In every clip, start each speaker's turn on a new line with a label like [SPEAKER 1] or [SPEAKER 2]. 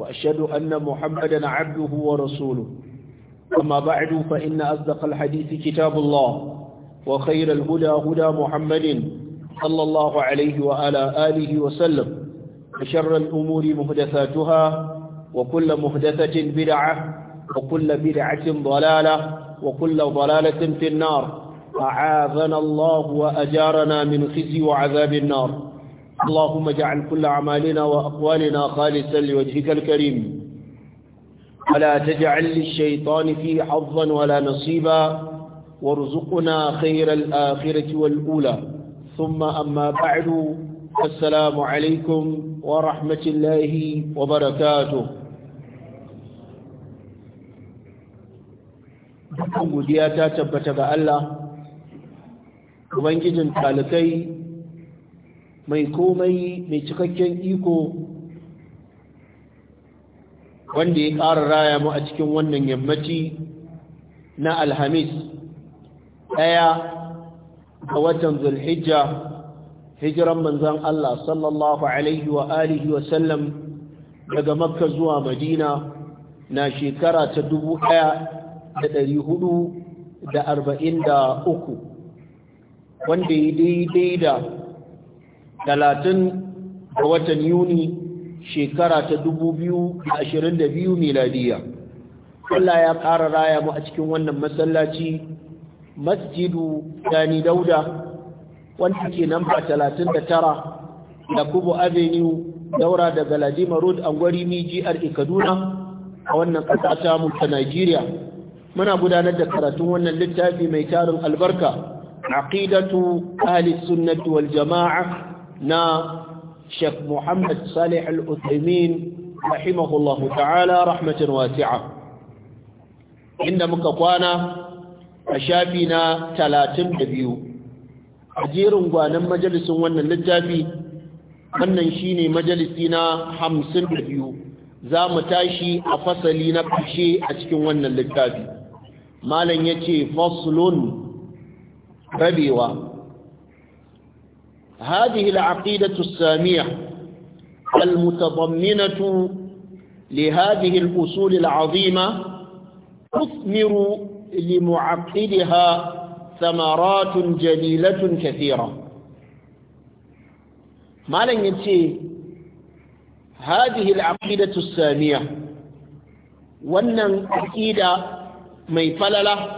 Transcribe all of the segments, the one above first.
[SPEAKER 1] وأشهد أن محمدا عبده ورسوله أما بعد فإن أصدق الحديث كتاب الله وخير الهدى هدى محمد صلى الله عليه وعلى آله وسلم وشر الأمور مهدثاتها وكل مهدثة بدعة وكل بدعة ضلالة وكل ضلالة في النار أعاذنا الله وأجارنا من خزي وعذاب النار اللهم اجعل كل أعمالنا وأقوالنا خالصا لوجهك الكريم ولا تجعل للشيطان فيه حظا ولا نصيبا وارزقنا خير الآخرة والأولى ثم أما بعد السلام عليكم ورحمة الله وبركاته godiya ta tabbata ga Allah ubangijin talikai mai komai mai cikakken iko wanda ya ƙara raya mu a cikin wannan yammaci na alhamis ɗaya ga watan zulhijja hijiran manzan Allah sallallahu alaihi wa alihi wa sallam daga makka zuwa madina na shekara ta dubu ɗaya da ɗari hudu da arba'in da uku wanda ya daidai da talatin ga watan yuni shekara ta dubu biyu da ashirin da biyu miladiya Allah ya ƙara raya mu a cikin wannan masallaci masjidu dani dauda wanda ke namba talatin da tara da kubo avenue daura daga Ladima road angwari mijiyar e, kaduna a wannan ƙasa ta mu ta najeriya muna gudanar da karatun wannan littafi mai tarin albarka aqidatu ahli sunnati wal jama'a na Sheikh Muhammad Salih Al-Uthaymin rahimahullahu ta'ala rahmatan wasi'a inda muka kwana a shafi na 32 a jerin gwanan majalisin wannan littafi wannan shine majalisi na 52 za mu tashi a fasali na ƙarshe a cikin wannan littafi malam yace faslun rabewa هذه العقيدة السامية المتضمنة لهذه الأصول العظيمة تثمر لمعقدها ثمرات جليلة كثيرة ما لن ينتهي هذه العقيدة السامية وأن العقيدة ميفللة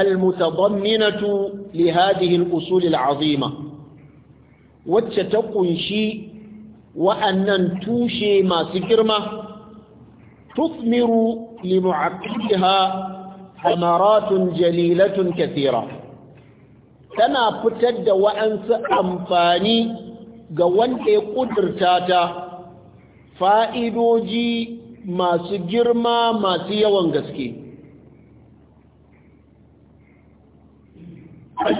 [SPEAKER 1] المتضمنة لهذه الأصول العظيمة wacce ta kunshi wa'annan tushe masu girma tusmiru limu'aqiha samaratun jalilatun kathira tana fitar da wa'ansu amfani ga wanda ya kudurta ta fa'idoji masu girma masu yawan gaske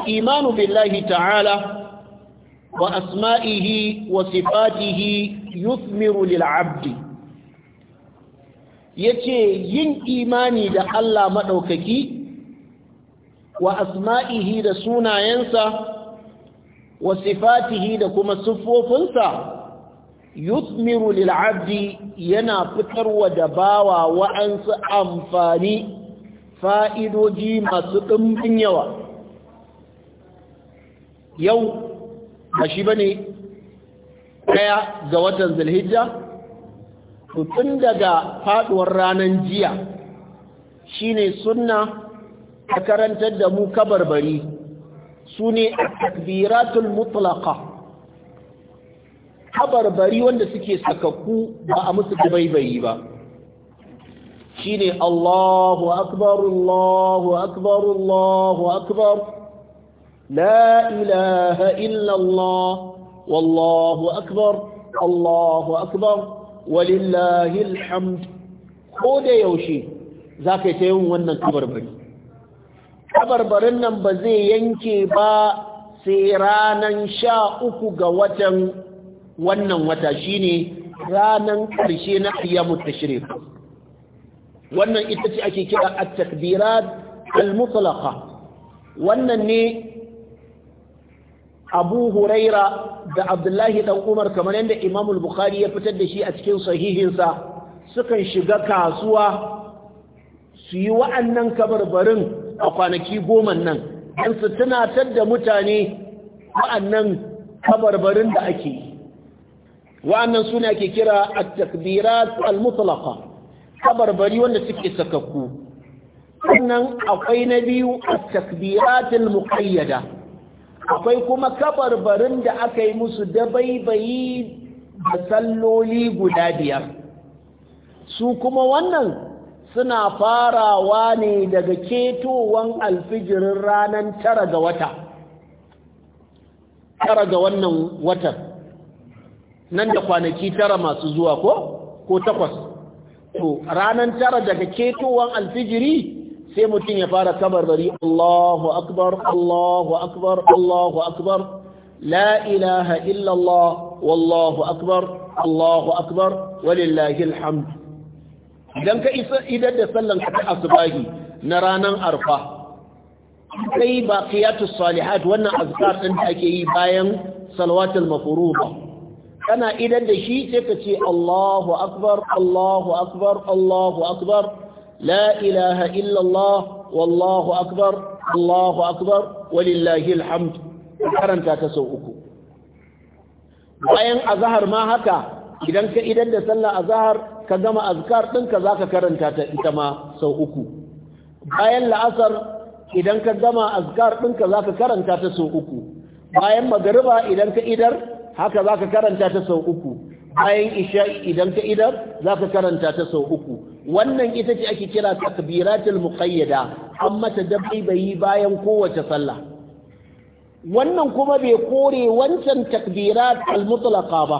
[SPEAKER 1] imanu billahi ta'ala وأسمائه وصفاته يثمر للعبد yace yin imani da Allah maɗaukaki wa asma'ihi da sunayensa wa sifatihi da kuma siffofinsa yuthmiru lil abdi yana fitarwa da bawa wa'ansu amfani fa'idoji masu ɗimbin yawa yau ba shi bane ɗaya ga watan zulhijja to tun daga faduwar ranar jiya shine sunna a karantar da mu kabarbari su ne takbiratul mutlaqa kabarbari wanda suke sakakku ba a musu baibayi ba shine Allahu akbar Allahu akbar Allahu akbar لا إله إلا الله والله أكبر الله أكبر ولله الحمد كود يوشي ذاك يتيون ونن كبر بري كبر برنن بزي ينكي با سيرانا شاءك قوتا ونن وتشيني رانا كرشينا أيام التشريف wannan ita ce ake kira at-takbirat al-mutlaqa wannan ne abu huraira da abdullahi dan umar kamar yadda imam bukhari ya fitar da shi a cikin sahihinsa sukan shiga kasuwa su yi wa'annan kabarbarin a kwanaki goma nan don su tunatar da mutane wa'annan kabarbarin da ake yi wa'annan suna ke kira a takbirat al-mutlaqa kabarbari wanda suke sakakku sannan akwai na biyu a takbirat al-muqayyada akwai kuma kabarbarin da aka yi musu dabaibayi da salloli guda biyar su kuma wannan suna farawa ne daga ketowan alfijirin ranar tara ga wata tara ga wannan watan nan da kwanaki tara masu zuwa ko ko takwas to ranar tara daga ketowan alfijiri sai mutum ya fara kabarbari Allahu akbar Allahu akbar Allahu akbar la ilaha illallah wallahu akbar Allahu akbar walillahil hamd idan ka isa idan da sallan ka asubahi na ranan arfa kai baqiyatus salihat wannan azkar din da ake yi bayan salawatul mafruḍa kana idan da shi sai ka ce Allahu akbar Allahu akbar Allahu akbar لا إله إلا الله والله أكبر الله أكبر ولله الحمد karanta ta sau uku bayan azahar ma haka idan ka idan da sallah azahar ka gama azkar ɗinka za ka karanta ta ita ma sau uku bayan la'asar idan ka gama azkar ɗinka za ka karanta ta sau uku bayan magariba idan ka idar haka za ka karanta ta sau uku bayan isha'i idan ka idar za ka karanta ta sau uku wannan ita ce ake kira takbiratul muqayyada an mata bayi bayan kowace sallah wannan kuma bai kore wancan takbirat al-mutlaqa ba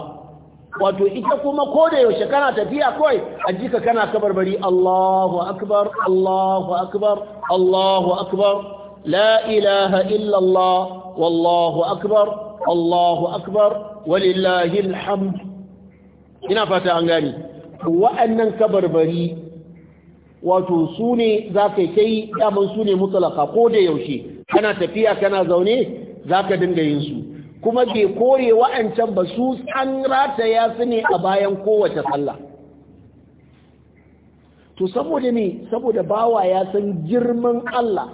[SPEAKER 1] wato ita kuma ko da yaushe kana tafiya kawai a jika kana kabarbari Allahu akbar Allahu akbar Allahu akbar la ilaha illa Allah wallahu akbar Allahu akbar walillahil hamd ina fata an gani wa'annan kabarbari wato su ne za ka kai daman su ne mutalaka ko da yaushe kana tafiya kana zaune za ka dinga yin su kuma bai kore wa'ancan ba su an rataya su ne a bayan kowace sallah to saboda ne saboda bawa ya san girman Allah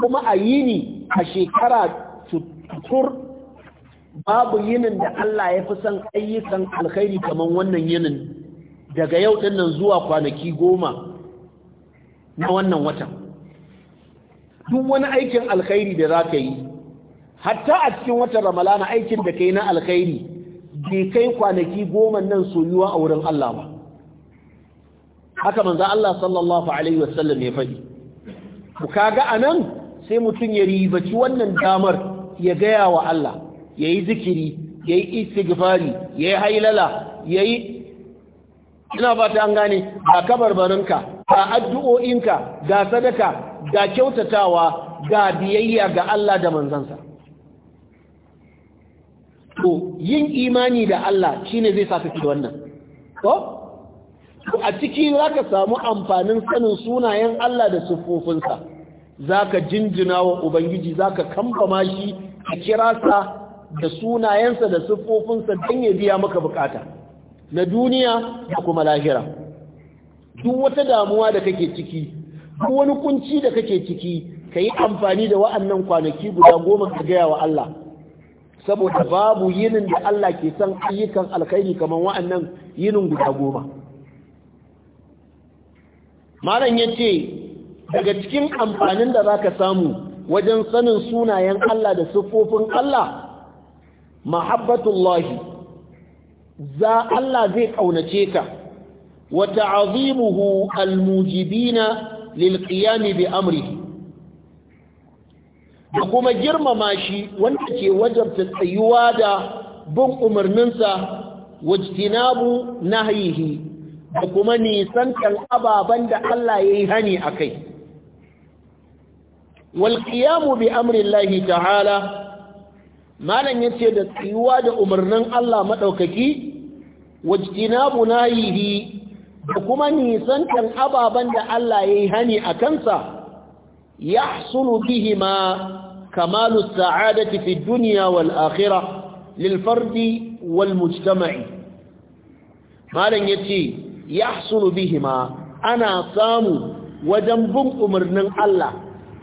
[SPEAKER 1] kuma a yi yini a shekara tutur babu yinin da Allah ya fi son ayyukan alkhairi kamar wannan yinin daga yau ɗin zuwa kwanaki goma na wannan watan duk wani aikin alkhairi da za ka yi hatta a cikin watan ramalana aikin da ka na alkhairi bai kai kwanaki goma nan soyuwa a wurin Allah ba haka manza Allah sallallahu alaihi wasallam ya faɗi ku kaga anan sai mutum ya ribaci wannan damar ya gaya wa Allah yayi zikiri yayi istighfari yayi hailala yayi ina fata an gane ga kabarbarinka ga addu'o'inka ga sadaka ga kyautatawa ga biyayya ga Allah da manzansa to yin imani da Allah shine zai saka ki wannan to a ciki zaka samu amfanin sanin sunayen Allah da siffofinsa zaka jinjina wa ubangiji zaka kambama shi a kirasa da sunayensa da siffofinsa don ya biya maka bukata na duniya da kuma lahira duk wata damuwa da kake ciki duk wani kunci da kake ciki ka yi amfani da wa'annan kwanaki guda goma ka gaya wa Allah saboda babu yinin da Allah ke son ayyukan alkhairi kamar wa'annan yinin guda goma malam yace daga cikin amfanin da za ka samu wajen sanin sunayen Allah da siffofin Allah mahabbatullahi za Allah zai ƙaunace ka wa ta'azimuhu almujibina lilqiyami bi amrihi da kuma girmama shi wanda ke wajabta tsayuwa da bin umarninsa wajtinabu nahyihi da kuma nisantan ababen da Allah yayi hani akai wal qiyamu bi amri Allah ta'ala malan yace da tsayuwa da umarnin Allah madaukaki wajina bu nahihi da kuma nisantan ababen da Allah ya yi hani a kansa ya sunu bihi ma kamalu sa'adati fi duniya wal akhira lil fardi wal mujtama'i malam yace ya sunu bihi ma ana samu wajen bin umarnin Allah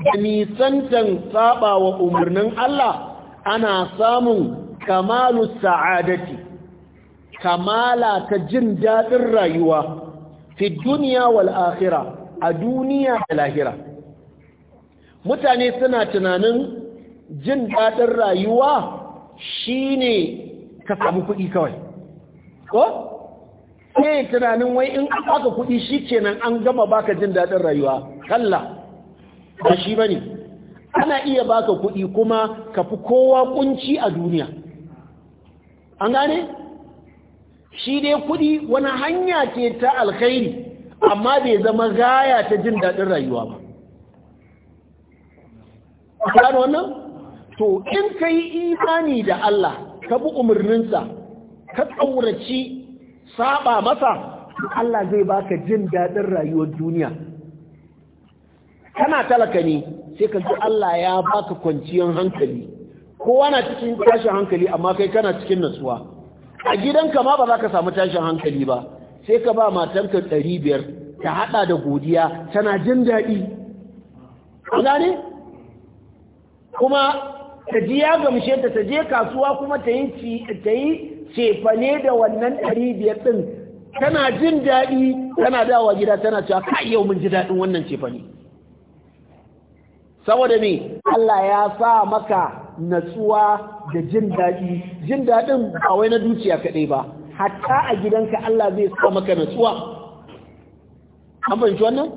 [SPEAKER 1] da nisantan saba wa umarnin Allah ana samun kamalu sa'adati kamala ta jin daɗin rayuwa fi duniya wal a duniya da lahira mutane suna tunanin jin daɗin rayuwa shine ka samu kuɗi kawai ko sai eh, tunanin wai in aka kuɗi shi kenan an gama baka jin daɗin rayuwa kalla ba shi bane ana iya baka kuɗi kuma ka fi kowa kunci a duniya an gane shi dai kuɗi wani hanya ce ta alkhairi amma bai zama gaya ta jin daɗin rayuwa ba gano wannan to in ka yi imani da Allah ka bi umarninsa ka tsauraci saba masa Allah zai baka jin daɗin rayuwar duniya kana talaka ne sai ka ji Allah ya baka kwanciyar hankali kowa na cikin tashin hankali amma kai kana cikin natsuwa a gidanka ma ba za ka samu tashin hankali ba sai ka ba matanka ɗari biyar ta haɗa da godiya tana jin daɗi gane kuma ta ji ya gamshe ta ta je kasuwa kuma ta yi cefane da wannan ɗari biyar ɗin tana jin daɗi tana dawa gida tana cewa kai yau mun ji daɗin wannan cefane saboda me Allah ya sa maka natsuwa da jin daɗi jin daɗin ba wai na dukiya kaɗai ba hatta a gidanka Allah zai sa maka natsuwa an fahimci wannan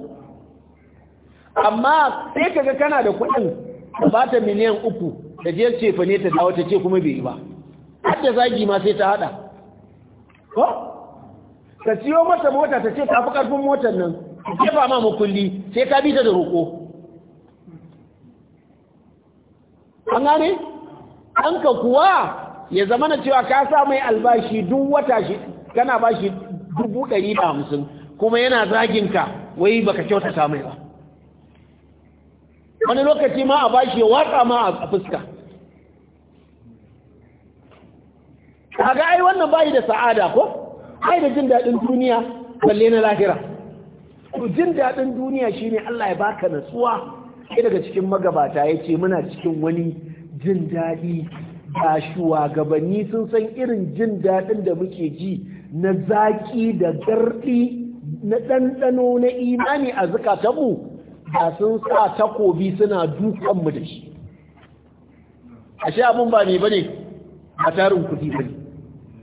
[SPEAKER 1] amma sai kaga kana da kuɗin ba ta miliyan uku da je ce fa ne ta dawo ta ce kuma bai yi ba har da zagi ma sai ta haɗa. ko ka siyo mata mota ta ce ta fi ƙarfin motar nan ba ma makulli sai ka bi ta da roƙo an gane ɗanka kuwa ya zama na cewa ka sa mai albashi duk wata shi kana ba shi dubu ɗari da hamsin kuma yana zaginka wai baka kyautata mai ba wani lokaci ma a bashi ya watsa ma a fuska kaga ai wannan bayi da sa'ada ko ai da jin daɗin duniya balle na lahira jin daɗin duniya shi ne Allah ya baka natsuwa sai daga cikin magabata ya ce muna cikin wani jin daɗi ga shugabanni sun san irin jin daɗin da muke ji na zaƙi da garɗi na ɗanɗano na imani a zukatanmu da sun sa takobi suna dukanmu da shi ashe abin ba ne ba ne a tarin kudi ba ne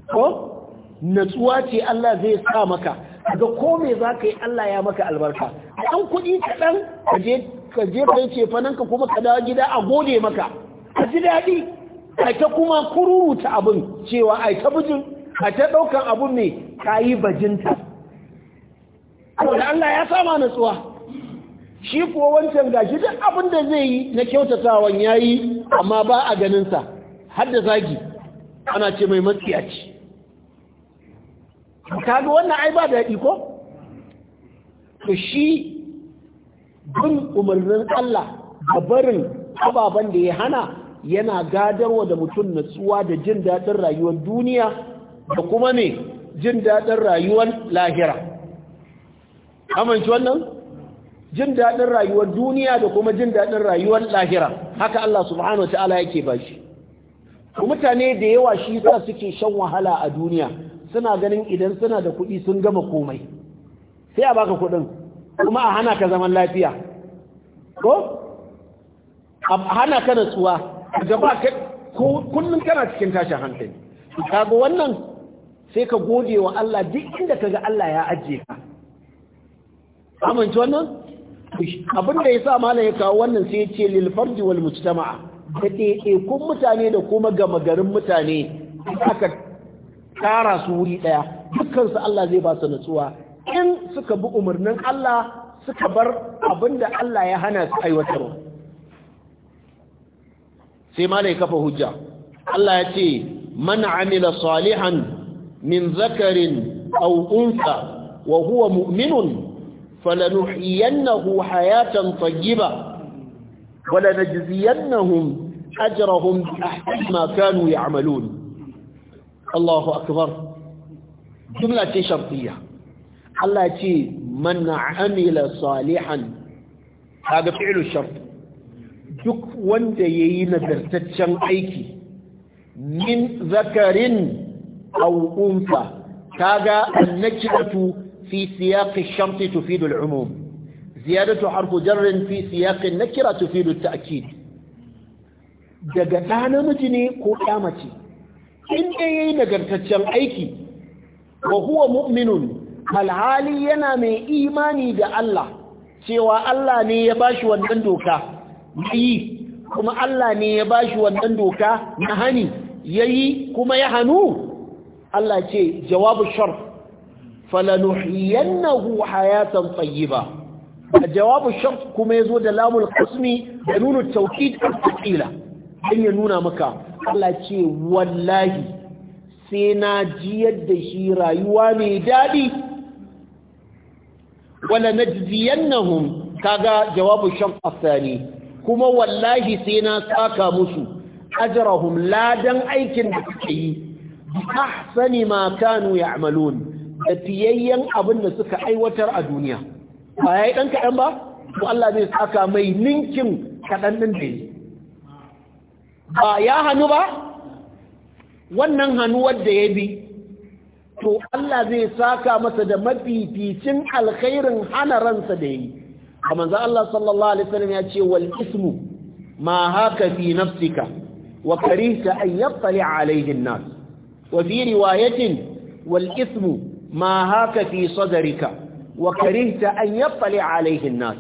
[SPEAKER 1] ko natsuwa ce Allah zai sa maka ga ko me za ka yi Allah ya maka albarka ɗan kuɗi kaɗan ka je ka je ka yi cefanan ka kuma ka dawo gida a gode maka a ji daɗi a ta kuma kururuta abin cewa a ta bijin a ta ɗaukan abin ne ka yi bajinta da Allah ya sama natsuwa shi kuwa wancan gashi duk abin da zai yi na kyautatawan ya yi amma ba a ganinsa har da zagi ana ce mai matsiyaci ga wannan ai ba daɗi ko to shi bin umarnin Allah da barin ababen da ya hana yana gadarwa da mutum natsuwa da jin daɗin rayuwar duniya da kuma ne jin daɗin rayuwar lahira amince wannan jin daɗin rayuwar duniya da kuma jin daɗin rayuwar lahira haka Allah subhanahu wa ta'ala yake bashi mutane da yawa shi sa suke shan wahala a duniya suna ganin idan suna da kuɗi sun gama komai sai a baka kuɗin kuma a hana ka zaman lafiya ko a hana ka natsuwa ka kullum kana cikin tashin hankali ga wannan sai ka gode wa Allah duk inda ka ga Allah ya ajiye ka amince wannan abin da yasa malam ya kawo wannan sai ya ce lilfardi wal mujtama'a da kun mutane da kuma gama garin mutane aka kara su wuri ɗaya. Dukkansu Allah zai ba su natsuwa in suka bi umarnin Allah suka bar abinda Allah ya hana su aiwatarwa sai ma ya kafa hujja Allah ya ce man amila salihan min zakarin aw unsa wa huwa mu'minun falanuhyiyannahu hayatan tayyiba wa lanajziyannahum ajrahum bi ahsani ma kanu ya'malun Allahu akbar
[SPEAKER 2] jumla ce shartiyya
[SPEAKER 1] Allah ce man amila salihan kaga fi'lu shart duk wanda yayi nagartaccen aiki min zakarin aw unfa kaga annakiratu fi siyaq ash-shart tufidu al ziyadatu harfu jarr fi siyaq nakira tufidu at-ta'kid daga ɗa namiji ne ko ƙyamace in dai nagartaccen aiki wa huwa mu'minun alhali yana mai imani da Allah cewa Allah ne ya bashi wannan doka yi kuma Allah ne ya bashi wannan doka na hani yayi kuma ya hanu Allah ce jawabu shar falanuhiyannahu hayatan tayyiba jawabu shar kuma yazo da lamul qasmi da nunu tawkid al-qila dan ya nuna maka Allah ce wallahi sai na jiyar da shi rayuwa mai daɗi wala najziyannahum kaga jawabu shan afsani kuma wallahi sai na saka musu ajrahum ladan aikin da suke yi bi sani ma kanu ya'malun da fiyayyen abin da suka aiwatar a duniya ba yi ɗan kaɗan ba to Allah zai saka mai ninkin kaɗan din da yi ba ya hanu ba wannan hannu wanda ya bi to Allah zai saka masa da mafificin alkhairin hana ransa da yi kamar za Allah sallallahu alaihi wasallam ya ce wal ismu ma haka fi nafsika wa karihta an yattali alaihi an-nas wa fi riwayatin wal ismu ma haka fi sadrika wa karihta an yattali alaihi an-nas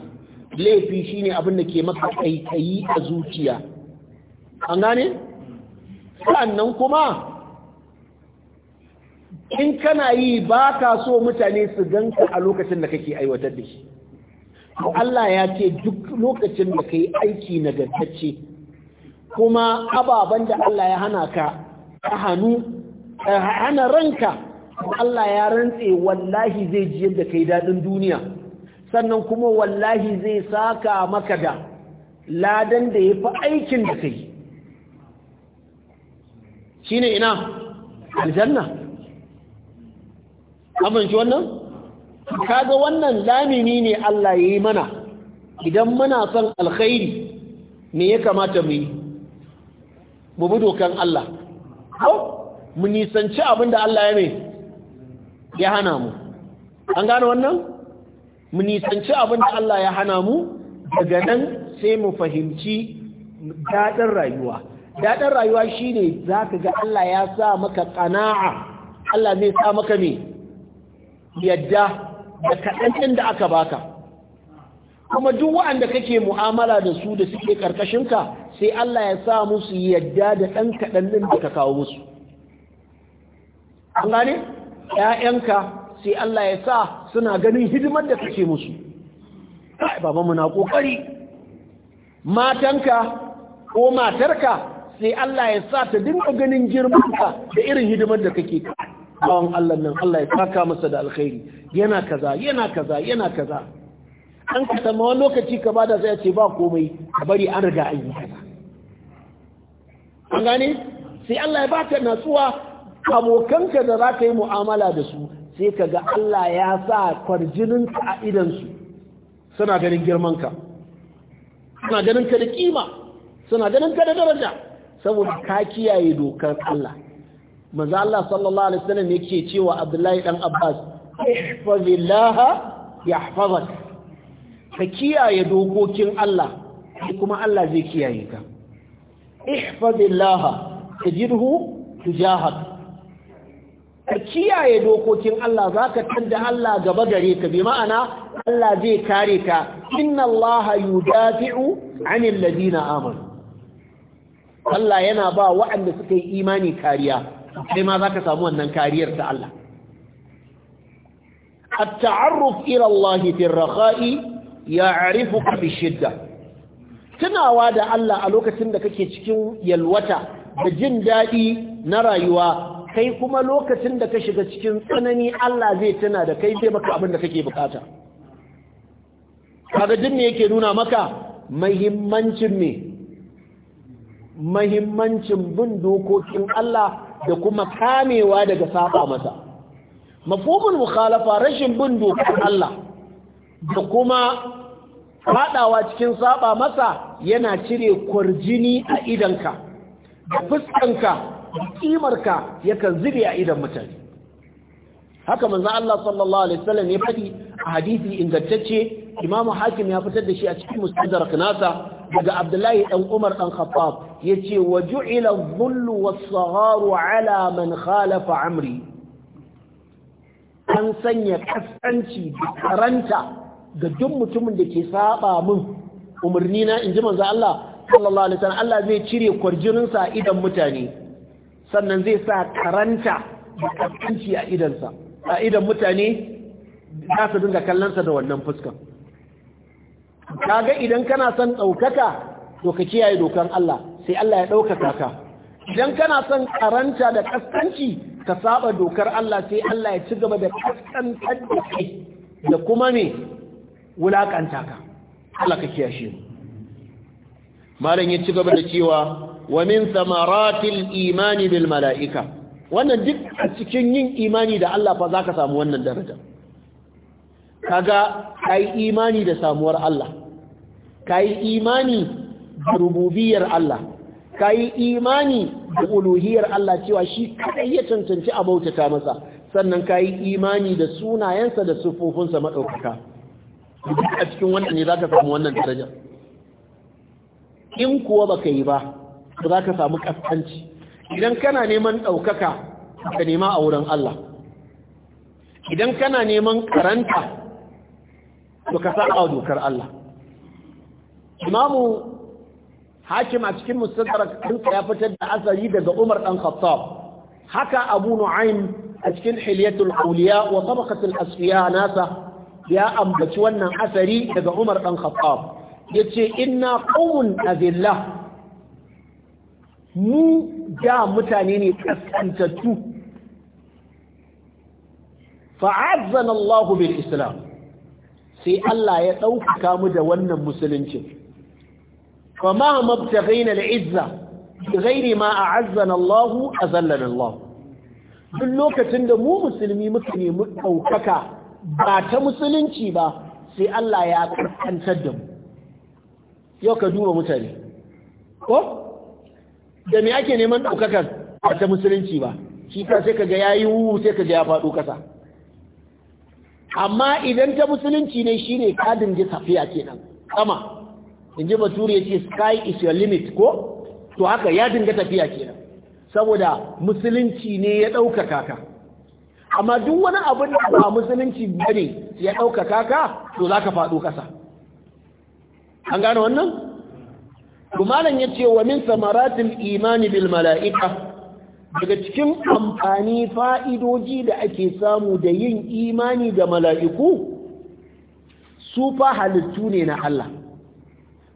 [SPEAKER 1] laifi shine abin da ke maka kaikayi a zuciya an gane sannan kuma in kana yi ba ka so mutane su ganka a lokacin da kake aiwatar da shi Allah ya ce duk lokacin da kai aiki na nagartacce kuma ababen da Allah ya hana ka ta hannu hana ranka Allah ya rantse wallahi zai ji yadda kai dadin duniya sannan kuma wallahi zai saka maka da ladan da ya fi aikin da kai ne ina aljanna amince wannan kaga wannan lamini ne Allah yayi mana idan muna son alkhairi me ya kamata mu yi mu bi dokan Allah ko mu nisanci abinda Allah ya mai ya hana mu an gane wannan mu nisanci abinda Allah ya hana mu daga nan sai mu fahimci dadin rayuwa Dadin rayuwa shine zaka ga Allah ya sa maka qana'a Allah zai sa maka me yadda da kaɗan ɗin da aka baka kuma duk waɗanda kake mu'amala da su da suke ƙarƙashinka sai Allah ya sa musu yadda da ɗan kaɗan ɗin da ka kawo musu an gane ‘ya'yanka sai Allah ya sa suna ganin hidimar da kake musu kai babanmu na ƙoƙari matanka ko matarka sai Allah ya sa ta dinga ganin girmanka da irin hidimar da kake kawo bawan Allah nan Allah ya saka masa da alkhairi yana kaza yana kaza yana kaza an ka samu wani lokaci ka bada sai ce ba komai ka bari an riga an yi kaza an gane sai Allah ya baka natsuwa abokanka da za ka yi mu'amala da su sai ka ga Allah ya sa ka a su suna ganin girmanka suna ganin ka da kima suna ganin ka da daraja saboda ka kiyaye dokar Allah manzo Allah sallallahu alaihi wasallam yake cewa Abdullahi dan Abbas ihfazillaha yahfazak ka kiyaye dokokin Allah kuma Allah zai kiyaye ka ihfazillaha tajidhu tujahak ka kiyaye dokokin Allah zaka tanda Allah gaba gare ka bi ma'ana Allah zai kare ka inna Allah yudafi'u 'anil ladina amanu Allah yana ba wa'anda suka yi imani kariya Sai ma za ka samu wannan kariyar ta Allah التعرف إلى الله ya arifu يعرفك shidda. tunawa da Allah a lokacin da kake cikin yalwata da jin daɗi na rayuwa kai kuma lokacin da ka shiga cikin tsanani Allah zai tuna da kai zai maka abin da kake bukata kaga jin ne yake nuna maka mahimmancin me mahimmancin bin dokokin Allah da kuma kamewa daga saba masa mafhumul mukhalafa rashin bin dokar Allah da kuma fadawa cikin saba masa yana cire kwarjini a idanka da fuskanka da kimarka yakan zube a idan mutane haka manzo Allah sallallahu alaihi wasallam ya fadi a hadisi ingantacce Imam Hakim ya fitar da shi a cikin Mustadrak nasa daga Abdullahi dan Umar dan Khattab yace wa ju'ila dhull wa was ala man khalafa amri an sanya kasanci da karanta ga duk mutumin da ke saba min umarni na inji manzo Allah sallallahu alaihi wasallam Allah zai cire kwarjinin sa idan mutane sannan zai sa karanta da kasanci a idan sa a idan mutane za su dinga kallon sa da wannan fuskan kaga idan kana son ɗaukaka to ka kiyaye dokan Allah sai Allah ya ɗaukaka ka idan kana son karanta da kaskanci ka saba dokar Allah sai Allah ya ci gaba da kaskantar da kai da kuma ne wulakanta ka Allah ka kiyaye mu malam ya ci gaba da cewa wa min samaratil imani bil mala'ika wannan duk a cikin yin imani da Allah fa zaka samu wannan daraja kaga kai imani da samuwar Allah kai imani da rububiyar Allah kai imani da uluhiyar Allah cewa shi kadai ya tantance a bautata masa sannan kai imani da sunayensa da sufofinsa madaukaka duk a cikin wannan ne zaka samu wannan daraja in kuwa baka yi ba ba za ka samu kaskanci idan kana neman ɗaukaka ka nema a wurin Allah idan kana neman karanta to ka saba dokar Allah imamu hakim a cikin mustadrak dinka ya fitar da asari daga Umar dan Khattab haka Abu Nu'aym a cikin Hilyatul Awliya wa Tabaqatul Asfiya nasa ya ambaci wannan asari daga Umar dan Khattab yace inna qawmun azillah mu da mutane ne kaskantattu fa'azzana Allah bil Islam sai Allah ya ɗaukaka mu da wannan musulunci fa ma mabtaghaina al-izza ghairi ma a Allah azallana Allah duk lokacin da mu musulmi muka nemi ɗaukaka ba ta musulunci ba sai Allah ya kankantar da mu yau ka duba mutane ko da me ake neman ɗaukakar ba ta musulunci ba shi ka sai ka ga yayi wu sai ka ga ya faɗo ƙasa. amma idan ta musulunci ne shine kadin ji safiya kenan sama in ji bature ya ce sky is your limit ko to haka ya dinga tafiya kenan saboda musulunci ne ya ɗaukaka ka amma duk wani abin da ba musulunci ne ya ɗaukaka ka to za ka faɗo ƙasa an gane wannan? kumalan ya ce wa min samaratin imani bil mala'ika daga cikin amfani fa'idoji da ake samu da yin imani da mala'iku su fa halittu ne na Allah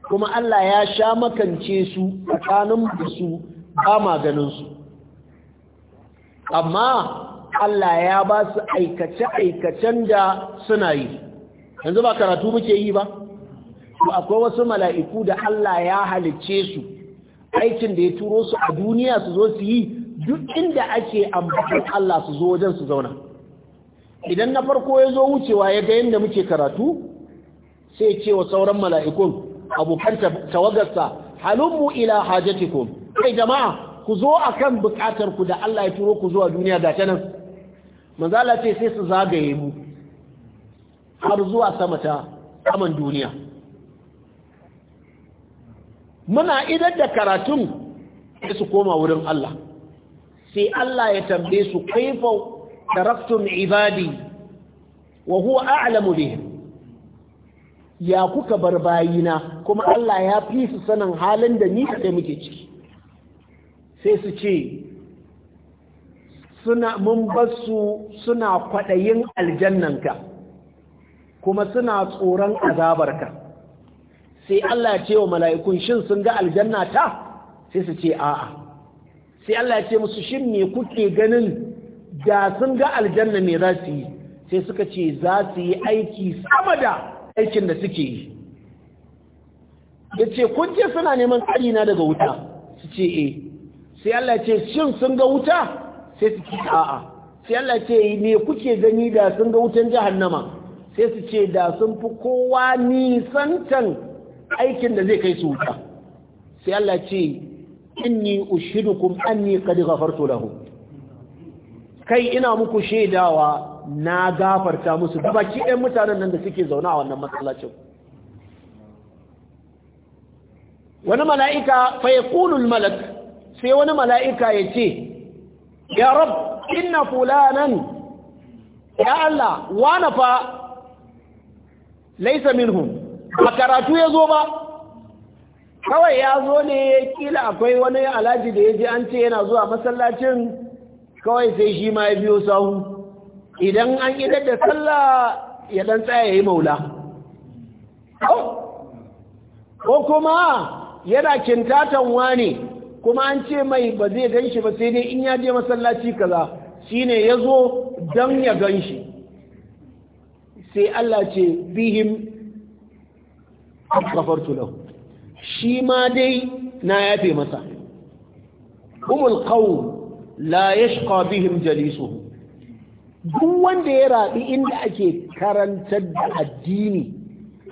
[SPEAKER 1] kuma Allah ya sha makance su tsakanin da su ba maganinsu amma Allah ya ba su aikace-aikacen da suna yi yanzu ba karatu muke yi ba to akwai wasu mala'iku da Allah ya halicce su aikin da ya turo su a duniya su zo su yi duk inda ake ambatar Allah su zo wajen su zauna idan na farko ya zo wucewa ya ga yadda muke karatu sai ce wa sauran mala'ikun abokan tawagarsa halummu ila hajatikum kai jama'a ku zo akan bukatar ku da Allah ya turo ku zuwa duniya da ta nan manzala ce sai su zagaye mu har zuwa sama ta aman duniya muna idan da karatun su koma wurin Allah sai Allah ya tambaye su kaifa taraktum ibadi wa huwa a'lamu bihim ya kuka bar bayina kuma Allah ya fi su sanin halin da ni kai muke ciki sai su ce suna mun basu suna kwadayin aljannanka kuma suna tsoron azabarka sai Allah ya ce wa mala'ikun shin sun ga aljanna ta sai su ce a'a sai Allah ya ce musu shin me kuke ganin da sun ga aljanna me za su yi sai suka ce za su yi aiki sama da aikin da suke yi ya ce kun ce suna neman na daga wuta su ce e sai Allah ya ce shin sun ga wuta sai su ce a'a sai Allah ya ce me kuke gani da sun ga wutan jahannama sai su ce da sun fi kowa nisantan aikin da zai kai su wuta sai Allah ya ce inni ushidukum anni qad ghafartu lahum kai ina muku shaidawa na gafarta musu baki ɗan mutanen nan da suke zaune a wannan masallacin wani mala'ika fa yaqulu al-malak sai wani mala'ika yace ya rab inna fulanan ya Allah wana fa laysa minhum ba karatu yazo ba kawai ya zo ne kila akwai wani alhaji da ya ji an ce yana zuwa masallacin kawai sai shi ma ya biyo sahu idan an idar da sallah ya dan tsaya ya yi maula ko kuma yana kintatan wani kuma an ce mai ba zai gan ba sai dai in ya je masallaci kaza shine ya zo dan ya gan shi sai Allah ce bihim kafartu lahu shi ma dai na yafe masa umul qawm la yashqa bihim jalisuhu duk wanda ya rabi inda ake karantar da addini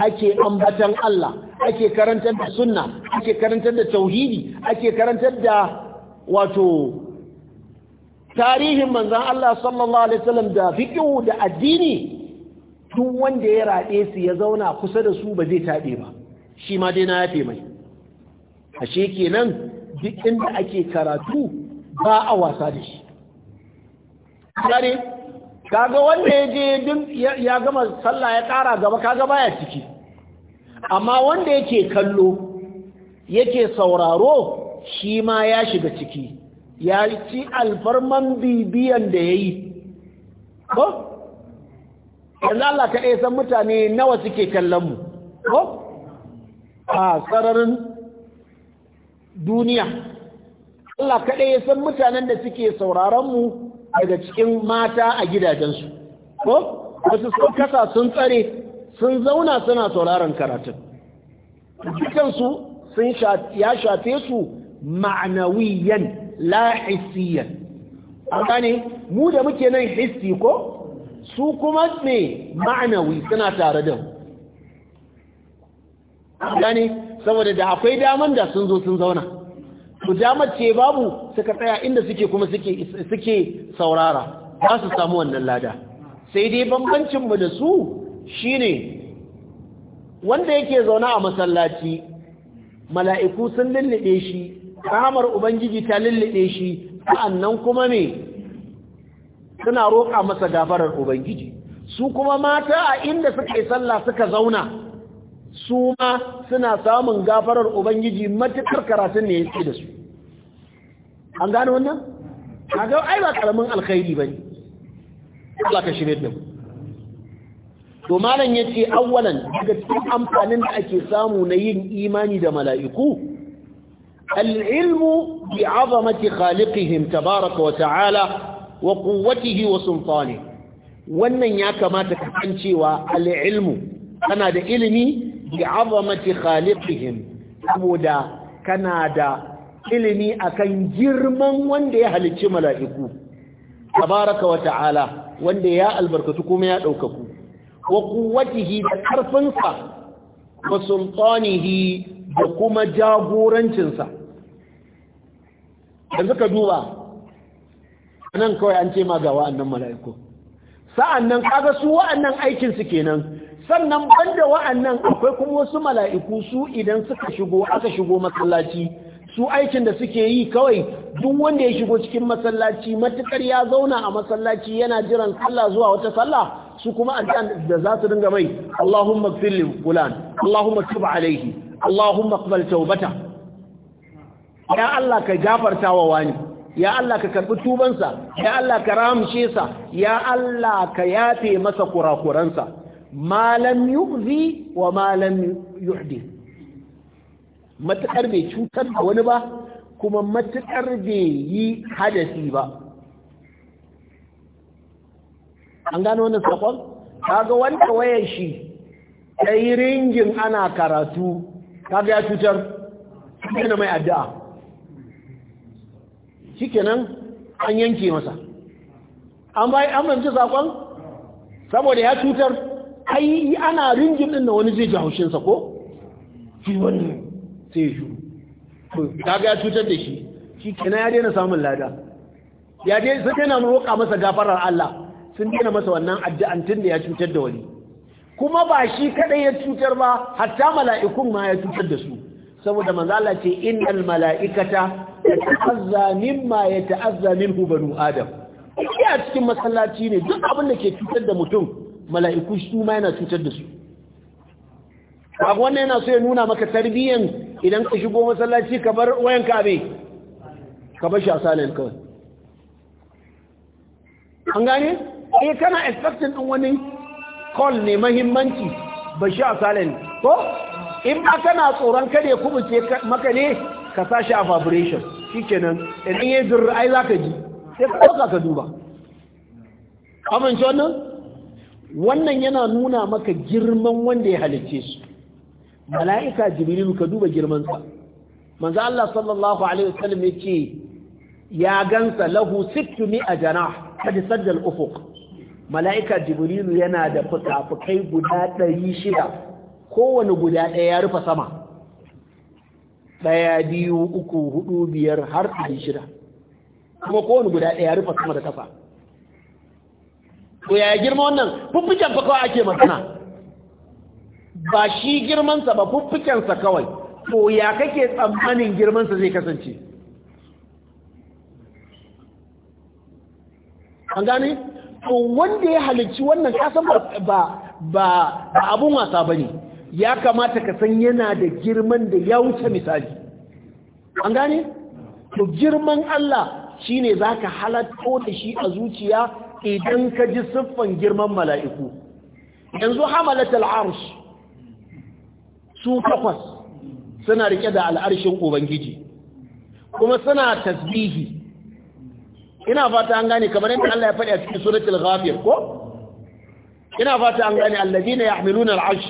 [SPEAKER 1] ake ambatan Allah ake karantar da sunna ake karantar da tauhidi ake karantar da wato tarihin manzan Allah sallallahu alaihi wasallam da fiqhu da addini duk wanda ya rabe su ya zauna kusa da su ba zai tabe ba shi ma dai na yafe mai ashe kenan duk inda ake karatu ba a wasa da shi kare kaga wanda ya je ya gama sallah ya kara gaba kaga baya ciki amma wanda yake kallo yake sauraro shi ma ya shiga ciki ya ci alfarman bibiyan da ya yi ko? yanzu Allah ka san mutane nawa suke kallon mu ko? a sararin duniya Allah kaɗai ya san mutanen da suke sauraronmu daga cikin mata a gidajensu ko wasu sun kasa sun tsare sun zauna suna sauraron karatun dukansu sun ya shafe su ma'anawiyan la hissiyan an mu da muke nan hissi ko su kuma ne ma'anawi suna tare da mu saboda da akwai daman da sun zo sun zauna to damar ce babu suka tsaya inda suke kuma suke saurara za su samu wannan lada sai dai bambancin da su shine wanda yake zauna a masallaci mala'iku sun lullube shi rahamar ubangiji ta lullube shi sa'annan kuma ne suna roƙa masa gafarar ubangiji su kuma mata a inda suka yi sallah suka zauna su ma suna samun gafarar ubangiji matukar karatun ne yake da gano wannan kaga ai ba karamin alkhairi bane Allah ka shirye da mu to malam yace awwalan daga cikin amfanin da ake samu na yin imani da mala'iku al-ilmu bi 'azamati khaliqihim tabaaraka wa ta'ala wa quwwatihi wa sultanihi wannan ya kamata ka san cewa al-ilmu kana da ilimi bi azamati khaliqihim saboda kana da ilimi akan girman wanda ya halicci mala'iku tabaraka wa ta'ala wanda ya albarkatu kuma ya daukaku wa quwwatihi da karfinsa wa sultanihi da kuma jagorancinsa yanzu ka duba nan kawai an ce ma ga wa'annan mala'iku sa'annan kaga su wa'annan aikin su kenan sannan banda wa'annan akwai kuma wasu mala'iku su idan suka shigo aka shigo masallaci su aikin da suke yi kawai duk wanda ya shigo cikin masallaci matukar ya zauna a masallaci yana jiran sallah zuwa wata sallah su kuma addu'an da za su dinga mai Allahumma ighfir fulan Allahumma tub alayhi Allahumma qbal tawbata ya Allah ka gafarta wa wani ya Allah ka karbi tubansa ya Allah ka rahamshe sa ya Allah ka yafe masa kurakuransa ma lam yu'zi wa ma lam yuhdi matakar bai cutar da wani ba kuma matakar bai yi hadasi ba an gano wannan sakon kaga wanda wayan shi ta yi ringin ana karatu kaga ya cutar yana mai addu'a shikenan an yanke masa an bai an manci sakon saboda ya cutar ai ana ringin din na wani zai ji haushin sa ko shi wannan sai ya shuru ya cutar da shi shi kenan ya daina samun lada ya dai sun daina roƙa masa gafarar Allah sun daina masa wannan addu'an tun da ya cutar da wani kuma ba shi kadai ya cutar ba hatta mala'ikun ma ya cutar da su saboda manzala ce innal mala'ikata ta'azza mimma yata'azza minhu banu adam a cikin masallaci ne duk abin da ke cutar da mutum mala'iku su ma yana cutar da su abu wannan yana so ya nuna maka tarbiyyan idan ka shigo masallaci ka bar wayan ka abe ka bar shi a salin kawai an gane eh kana expecting din wani call ne mahimmanci ba shi a salin ko in ba kana tsoron kada ya kubuce maka ne ka sa a vibration shikenan idan yayi zurrai zaka ji sai ka ka duba amince wannan wannan yana nuna maka girman wanda ya halicce su mala'ika jibrilu ka duba girmansa manzo Allah sallallahu alaihi wasallam yace ya gansa lahu sittumi ajnah kad sadda al-ufuq mala'ika jibrilu yana da fukafukai guda 600 kowanne guda ɗaya ya rufe sama daya biyu uku hudu biyar har ɗari shida kuma kowane guda ɗaya ya rufe sama da kafa to yaya girma wannan fuffuken fa kawai ake magana ba shi girmansa ba fuffukensa kawai to ya kake tsammanin girmansa zai kasance an gane to wanda ya halicci wannan kasan ba ba abun wasa ba ne ya kamata ka san yana da girman da ya wuce misali an gane to girman Allah shine zaka halatto da shi a zuciya idan ka ji siffan girman mala'iku yanzu hamalat Arsh su takwas suna rike da al'arshin ubangiji kuma suna tasbihi ina fata an gane kamar yadda Allah ya faɗi a cikin suratul ghafir ko ina fata an gane allazina yahmiluna al'arsh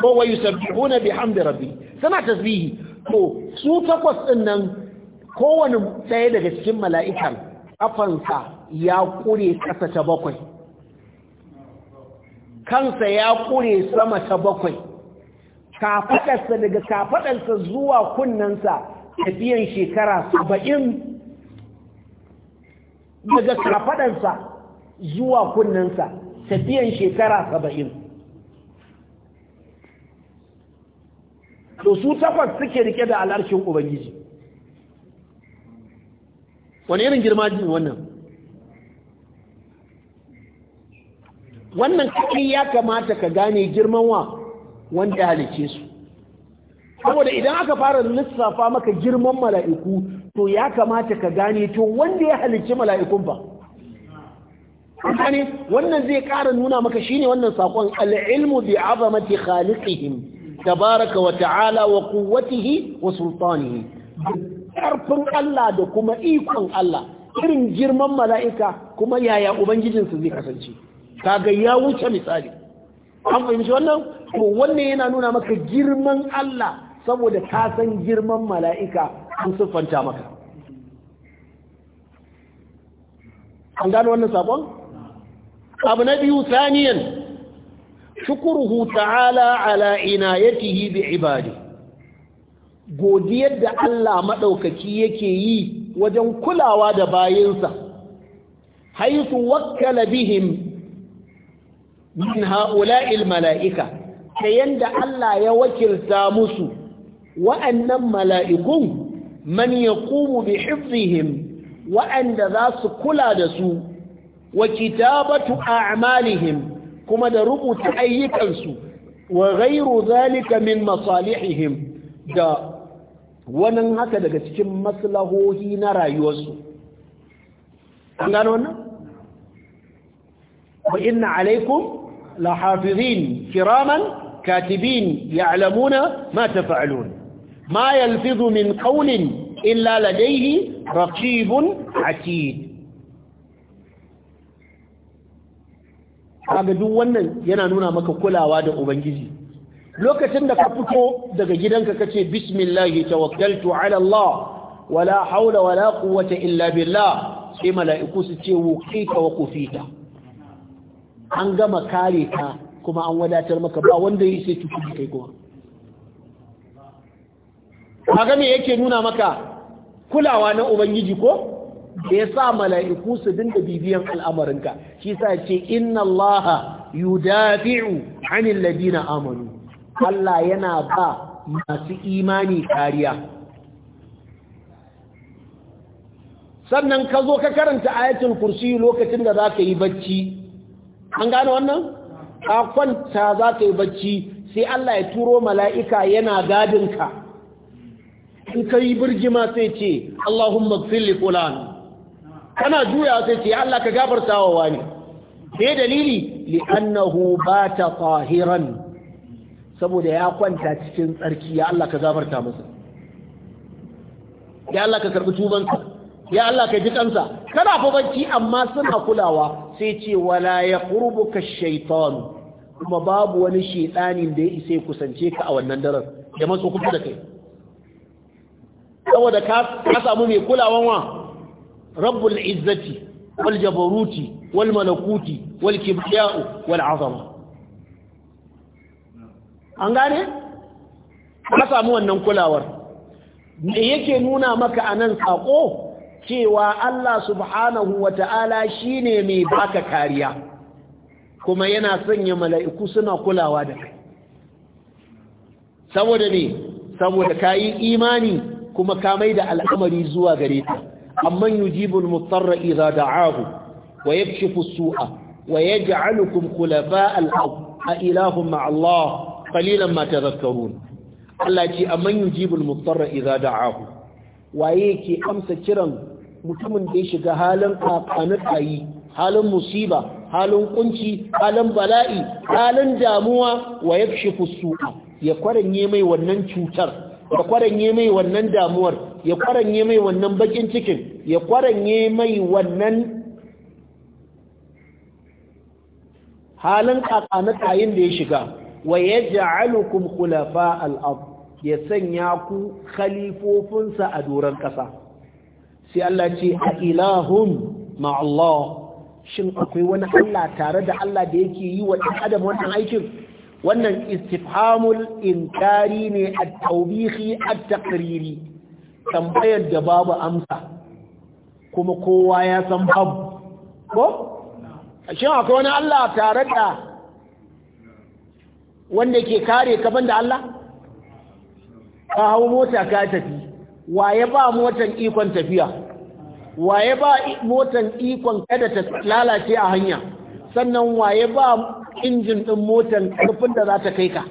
[SPEAKER 1] ko wa yusabbihuna bihamdi rabbi suna tasbihi to su takwas din nan kowane ɗaya daga cikin mala'ikan kafansa ya kure kasa ta bakwai kansa ya kure sama ta bakwai kafaɗarsa daga kafaɗarsa zuwa kunnensa tafiyan shekara saba'in daga kafaɗarsa zuwa kunnensa tafiyan shekara saba'in to su takwas suke rike da al'arshin ubangiji wani irin girma jini wannan wannan kai ya kamata ka gane girman wa wanda halice su saboda idan aka fara lissafa maka girman mala'iku to ya kamata ka gane to wanda ya halicci mala'ikun ba wannan zai ƙara nuna maka shine wannan sakon al'ilmu bi azamati khaliqihim tabaraka wa ta'ala wa quwwatihi wa sultanihi karfin Allah da kuma ikon Allah irin girman mala'ika kuma yaya ubangijinsu zai kasance kaga ya wuce misali an fahimci wannan to wannan yana nuna maka girman Allah saboda ka san girman mala'ika an siffanta maka an gano wannan sabon abu na biyu saniyan shukuruhu ta'ala ala inayatihi bi ibadi godiyar da Allah maɗaukaki yake yi wajen kulawa da bayinsa haisu wakkala bihim min ha'ula'il mala'ika ta yanda Allah ya wakilta musu wa'annan mala'ikun man ya kumu bi hifzihim wa'anda za su kula da su wa kitabatu a'malihim kuma da rubuta ayyukansu wa ghairu zalika min masalihihim da wannan haka daga cikin maslahohi na rayuwarsu an gano wannan wa inna alaikum لحافظين كراما كاتبين يعلمون ما تفعلون ما يلفظ من قول إلا لديه رقيب عتيد kaga duk wannan yana nuna maka kulawa da ubangiji lokacin da ka fito daga gidanka kace bismillahi tawakkaltu ala Allah wala haula, wala quwwata illa billah sai mala'iku su ce wuqita wa qufita an gama kare ka kuma an wadatar maka ba wanda yi sai cutar kai kuma a me yake nuna maka kulawa na ubangiji ko da ya sa mala'iku su da bibiyan al'amarinka shi sa ce inna Allah yudafi'u anil ladina amanu Allah yana ba masu imani kariya sannan ka zo ka karanta ayatul kursi lokacin da za ka yi bacci an gano wannan ka kwanta za ka yi bacci sai Allah ya turo mala'ika yana gadinka in ka yi birgima sai ce Allahun fili fulan kana juya sai ce Allah ka gafarta wa wani ke dalili li'annahu ta tahiran saboda ya kwanta cikin tsarki ya Allah ka gafarta masa ya Allah ka karɓi tubansa ya Allah ka ji kansa kana fa bacci amma suna kulawa sai ce wala ya qurbuka shaytan kuma babu wani shaytanin da ya isa kusance ka a wannan daren ya matso kusa da kai saboda ka ka samu mai kulawan wa rabbul izzati wal jabaruti wal malakuti wal kibriya'u wal azama an gane ka samu wannan kulawar me yake nuna maka anan sako cewa Allah subhanahu wa ta'ala shi ne mai baka kariya kuma yana sanya mala'iku suna kulawa da kai saboda ne saboda ka yi imani kuma ka mai da al'amari zuwa gare ta amma yujibul mutarra idza da'ahu wa yakshifu su'a wa yaj'alukum khulafa al-ard a ilahum ma Allah qalilan ma tadhakkarun Allah ce amma yujibul mutarra idza da'ahu waye ke amsa kiran mutumin da ya shiga halin kakanikayi halin musiba halin kunci halin bala'i halin damuwa wa ya fi ya kwaranye mai wannan cutar ya kwaranye mai wannan damuwar ya kwaranye mai wannan bakin cikin ya kwaranye mai wannan halin kakanikayin da ya shiga wa ya ja'alukum kulafa al'ab ya sanya ku khalifofinsa a doron ƙasa sai Allah ce a ilahun ma'allah shin akwai wani Allah tare da Allah da yake yi wa ɗan adam wannan aikin wannan istifhamul inkari ne a taubihi a takriri tambayar da babu amsa kuma kowa ya san babu ko shin akwai wani Allah tare da wanda ke kare kaban da Allah ka hau mota ka tafi waye ba motan ikon tafiya waye ba motan ikon kada ta lalace a hanya sannan waye ba injin din motan karfin da za ta kai ka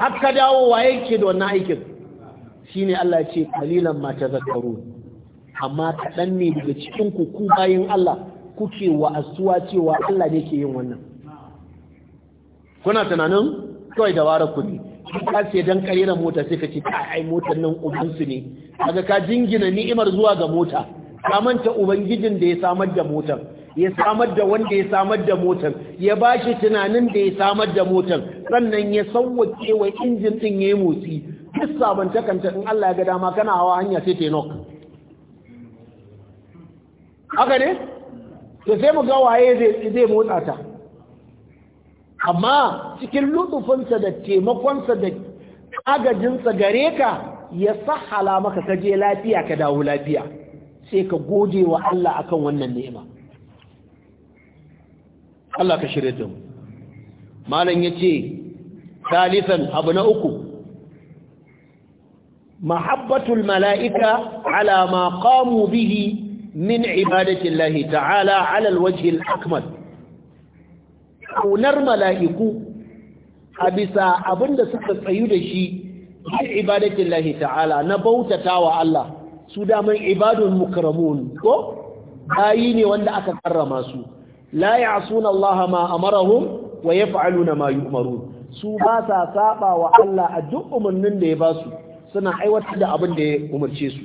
[SPEAKER 1] har ka dawo waye ke da wannan aikin shine Allah ya ce kalilan ma tazakkaru amma kaɗan ne daga cikin ku ku bayin Allah kuke wa asuwa cewa Allah ne ke yin wannan kuna tunanin kawai dabarar ku ne ka ce dan na mota sai ka ce ai motar nan ubansu ne kaga ka jingina ni'imar zuwa ga mota ka manta ubangijin da ya samar da motar ya samar da wanda ya samar da motar ya bashi tunanin da ya samar da motar sannan ya sauwake wa injin din yayi motsi duk sabantakanta in Allah ya ga dama kana hawa hanya sai ta nok. haka ne to sai mu ga waye zai motsa ta amma cikin lutufinsa da taimakonsa da agajinsa gare ka ya sahala maka ka je lafiya ka dawo lafiya sai ka gode wa Allah akan wannan ni'ima Allah ka shirye da mu malam yace salisan abu na uku mahabbatul mala'ika ala ma qamu bihi min ibadati Allah ta'ala ala alwajhi al-akmal kaunar mala'iku a bisa abin da suka tsayu da shi a ibadatin lahi ta'ala na bautata wa Allah su damar ibadun mukramun ko bayi ne wanda aka karrama su la suna Allah ma a marahun wa ya na ma yi umaru. su ba sa saba wa Allah a duk umarnin da ya ba su suna aiwatar da abin da ya umarce su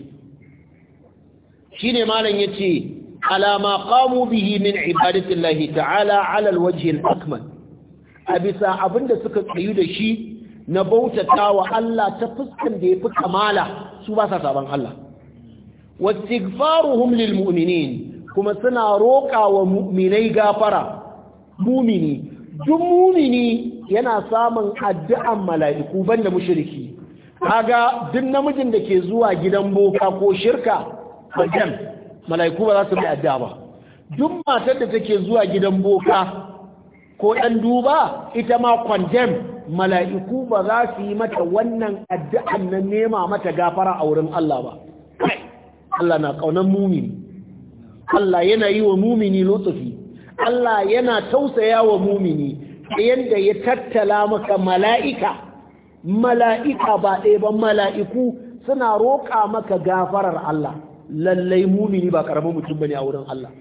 [SPEAKER 1] Shi ne malam ce. ala ma qamu bihi min ibadati llahi ta'ala ala alwajhi alakmal abisa abinda suka kayu da shi na bautatawa Allah ta fuskan da ya fi kamala su ba sa saban Allah wastighfaruhum lilmu'minin kuma suna roƙa wa mu'minai gafara mu'mini duk mu'mini yana samun addu'an mala'iku banda mushriki kaga duk namijin da ke zuwa gidan boka ko shirka bajan mala'iku ba za su mai addu'a ba duk matar da take zuwa gidan boka ko ɗan duba ita ma kwandem mala'iku ba za su yi mata wannan addu'an nan nema mata gafara a wurin Allah ba Allah na ƙaunar mumini Allah yana yi wa mumini lutsufi Allah yana tausaya wa mumini yadda ya tattala maka mala'ika mala'ika ba ɗaya ba mala'iku suna roƙa maka gafarar Allah lallai mumini ba karamin mutum bane a wurin Allah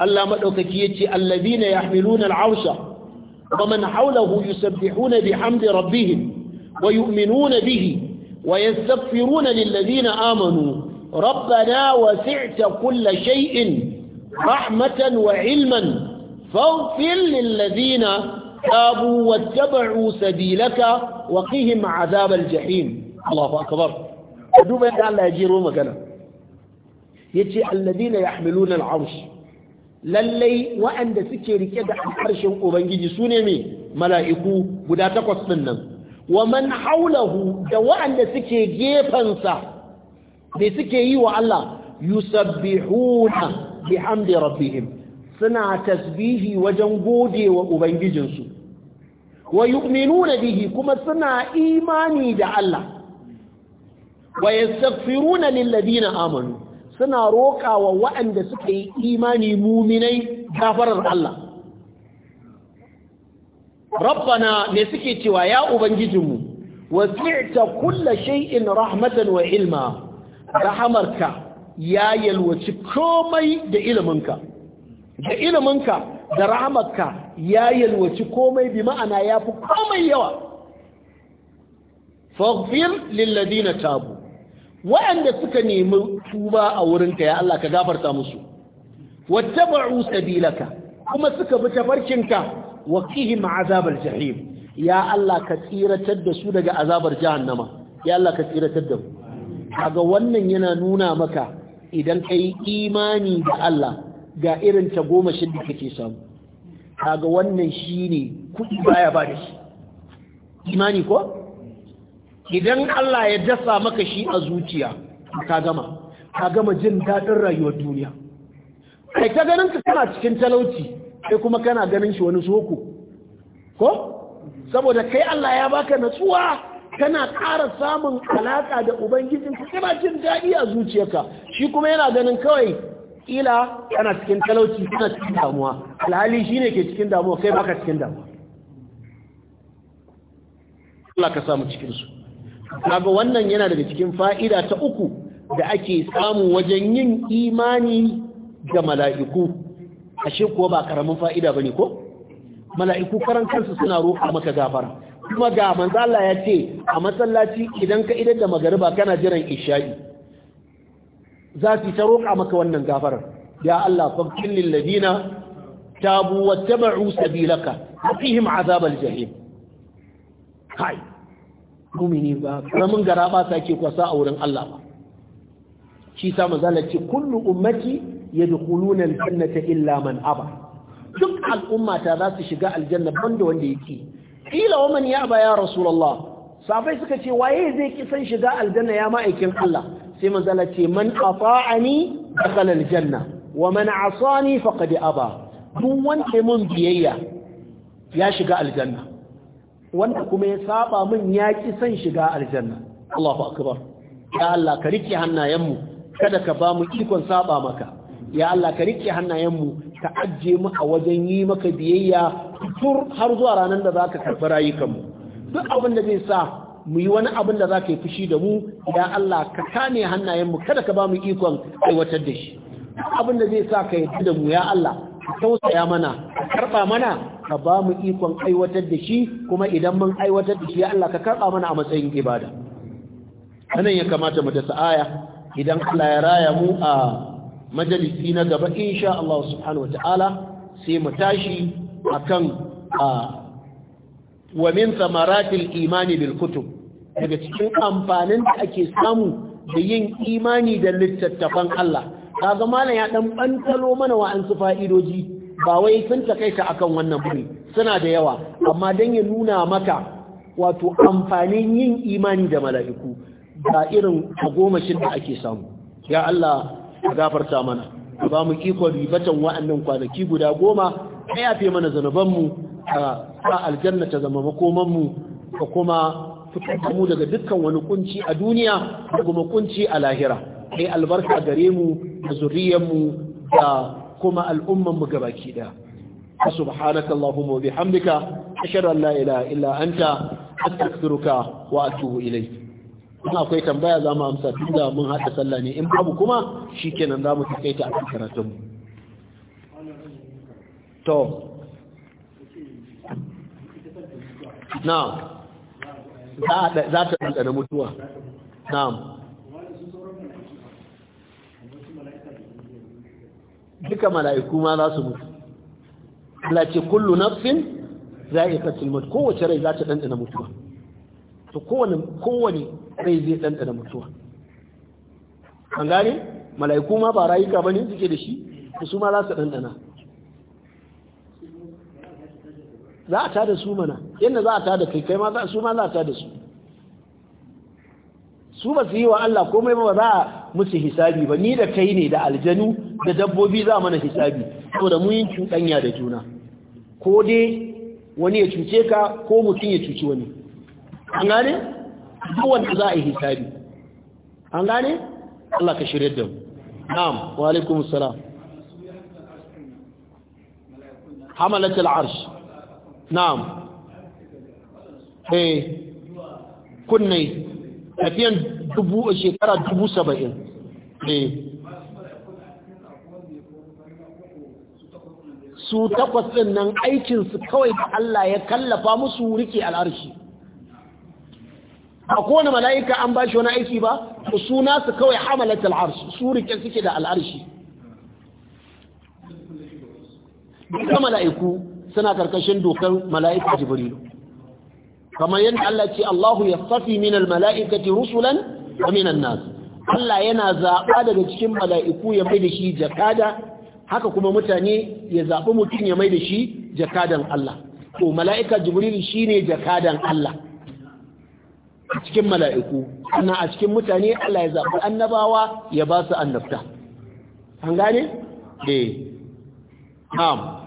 [SPEAKER 1] Allah madaukaki yace allazina yahmiluna al'arsha wa man hawlahu yusabbihuna bihamdi rabbihim wa yu'minuna bihi wa yastaghfiruna lillazina amanu ربنا وسعت كل شيء رحمة وعلما فاغفر للذين تابوا واتبعوا سبيلك وقهم عذاب الجحيم الله أكبر ka duba yadda Allah ya jero magana yace na yahmiluna al'arsh lallai wa'anda suke rike da harshen ubangiji sune mai mala'iku guda takwas ɗin nan wa man haulahu da wa'anda suke gefansa da suke yi wa Allah yusabbihuna bihamdi rabbihim suna tasbihi wajen gode wa ubangijinsu wa yu'minuna bihi kuma suna imani da Allah wa yastaghfiruna lil ladina amanu suna roƙawa waɗanda suka yi imani muminai gafarar Allah rabbana ne suke cewa ya ubangijinmu wasi'ta kulla shay'in rahmatan wa ilma rahamarka ya yalwaci komai da iliminka da iliminka da rahamarka ya yalwaci komai bi ma'ana yafi komai yawa faghfir lil ladina tabu waɗanda suka nemi tuba a wurinka ya Allah ka gafarta musu wattaba'u sabilaka kuma suka bi tafarkinka wa qihim azabal jahim ya Allah ka tsiratar da su daga azabar jahannama ya Allah ka tsiratar da mu kaga wannan yana nuna maka idan kai imani da Allah ga irin ta goma shi da kake samu kaga wannan shine kudi baya ba da shi imani ko idan Allah ya dasa maka shi a zuciya ka gama ka gama jin daɗin rayuwar duniya kai ta ganin ka kana cikin talauci kai kuma kana ganin shi wani soko ko saboda kai Allah ya baka natsuwa kana ƙara samun alaka da ubangijin ka kana jin daɗi a zuciyarka shi kuma yana ganin kawai ila kana cikin talauci kana cikin damuwa alhali shine ke cikin damuwa kai baka cikin damuwa Allah ka samu cikinsu kaga wannan yana daga cikin fa'ida ta uku da ake samu wajen yin imani ga mala'iku ashe kuwa ba karamin fa'ida bane ko mala'iku karan kansu suna roƙa maka gafara kuma ga manzo ya ce a masallaci idan ka idan da magariba kana jiran isha'i za su ta roƙa maka wannan gafarar ya Allah faghfir lil ladina tabu wattaba'u sabilaka fihim azabal jahim kai mumini ba karamin gara ba ta ke kwasa a wurin Allah ba shi sa mazala ce kullu ummati yadkhuluna al-jannata illa man aba duk al'umma ta za su shiga aljanna banda wanda yake kila wa man yaba ya rasulullah safai suka ce waye zai ki san shiga aljanna ya ma'aikin Allah sai manzala ce man ata'ani dakhala aljanna wa man asani faqad aba duk wanda mun biyayya ya shiga aljanna wanda kuma ya saba min ya ki san shiga aljanna Allahu akbar ya Allah ka rike hannayenmu kada ka ba mu ikon saba maka ya Allah ka rike hannayenmu ka ajje mu a wajen yi maka biyayya tur har zuwa ranar da zaka karɓi rayukanmu duk abin da zai sa mu yi wani abin da zaka yi fushi da mu ya Allah ka kame hannayenmu kada ka ba mu ikon aiwatar da shi abin da zai sa ka yi da mu ya Allah ka tausaya mana ka karba mana ka ba mu ikon aiwatar da shi kuma idan mun aiwatar da shi ya Allah ka karɓa mana a matsayin ibada anan ya kamata mu dasa aya idan Allah ya raya mu a majalisi na gaba insha Allah subhanahu wataala sai mu tashi akan a wa min thamaratil imani bil kutub daga cikin amfanin da ake samu da yin imani da littattafan Allah kaga malam ya dan bantalo mana su fa'idoji ba wai sun takaita akan wannan bane suna da yawa amma dan ya nuna maka wato amfanin yin imani da mala'iku ga irin agomashin da ake samu ya Allah gafarta mana ba mu iko ribatan wa'annan kwanaki guda goma ka yafe mana zanubanmu ka sa aljanna ta zama makomanmu ka kuma fitar da mu daga dukkan wani kunci a duniya da kuma kunci a lahira kai albarka gare mu da mu da kuma al'umman mu gabaki daya subhanaka allahumma wa bihamdika ashhadu an la ilaha illa anta astaghfiruka wa atubu ilayk in akwai tambaya za mu amsa tunda mun haɗa sallah ne in babu kuma shikenan za mu takaita a cikin karatun to na za ta ɗanɗana mutuwa na'am duka mala'iku ma za su mutu Allah ce kullu nafsin za'iqatul maut kowace rai za ta dandana mutuwa to kowane kowane rai zai dandana mutuwa an gane mala'iku ma ba rayuka bane suke da shi su ma za su dandana za a tada su mana yadda za a tada kai kai ma su ma za a tada su su ba su yi wa Allah komai ba za a musu hisabi ba ni da kai ne da aljanu da dabbobi za mana hisabi saboda mun yi cuɗanya da juna ko dai wani ya cuce ka ko mutum ya cuci wani an gane duk wanda za a yi hisabi an gane Allah ka shirya da mu na'am wa alaikum salam hamalat al'arsh na'am eh kunnai tafiyan dubu shekara dubu saba'in eh su takwas ɗin nan aikinsu kawai da Allah ya kallafa musu rike al'arshi a kowane mala'ika an ba shi wani aiki ba su nasu kawai hamalat al'arshi su rike suke da al'arshi duka mala'iku suna karkashin dokar mala'ika jibrilu kamar yadda Allah ce Allahu ya safi min al-mala'ikati rusulan wa min Allah yana zaɓa daga cikin mala'iku ya mai da shi jakada haka kuma mutane ya zaɓi mutum ya mai da shi jakadan Allah to mala'ika jibril shine jakadan Allah a cikin mala'iku ana a cikin mutane Allah ya zaɓi annabawa ya ba su annabta an gane? eh ham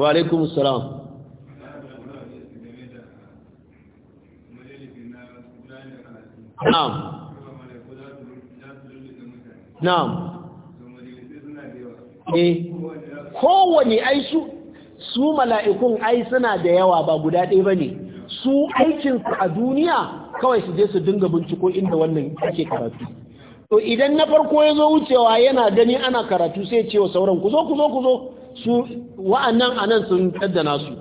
[SPEAKER 1] wa alaikum salam na'am na'am ne eh, kowane ai su su mala'ikun ai suna da yawa ba guda ɗaya bane su aikin a duniya kawai su je su dinga binciko inda wannan ake karatu to idan na farko ya zo wucewa yana gani ana karatu sai ce wa sauran ku zo ku zo ku zo su wa'annan anan sun kaddana su